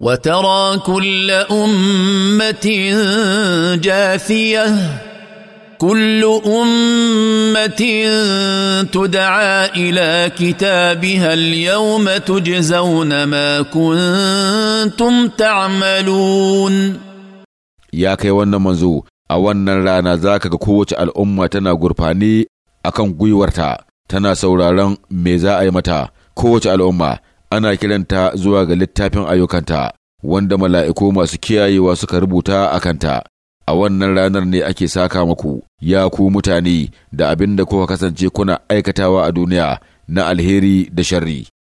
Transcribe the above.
وترى كل امه Jafiya كل امه تدعى الى كتابها اليوم تجزون ما كنتم تعملون يا kai wannan manzo a wannan rana za ka ga kowace al'umma tana gurfani akan gwiwarta tana sauraron me za a yi mata kowace al'umma ana kiranta zuwa ga littafin ayyukanta wanda mala'iku masu kiyayewa suka rubuta a kanta a wannan ranar ne ake saka maku ya ku mutane da abin da kuka kasance kuna aikatawa a duniya na alheri da sharri